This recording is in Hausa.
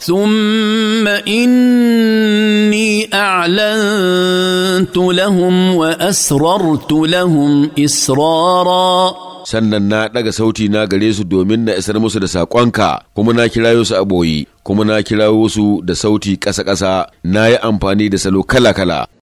ثم اني اعلنت لهم واسررت لهم اسرارا sannan na ɗaga sauti na gare su domin na isar musu da saƙonka kuma na kirayo su a ɓoyi kuma na kirayo su da sauti ƙasa-ƙasa na yi amfani da salo kala-kala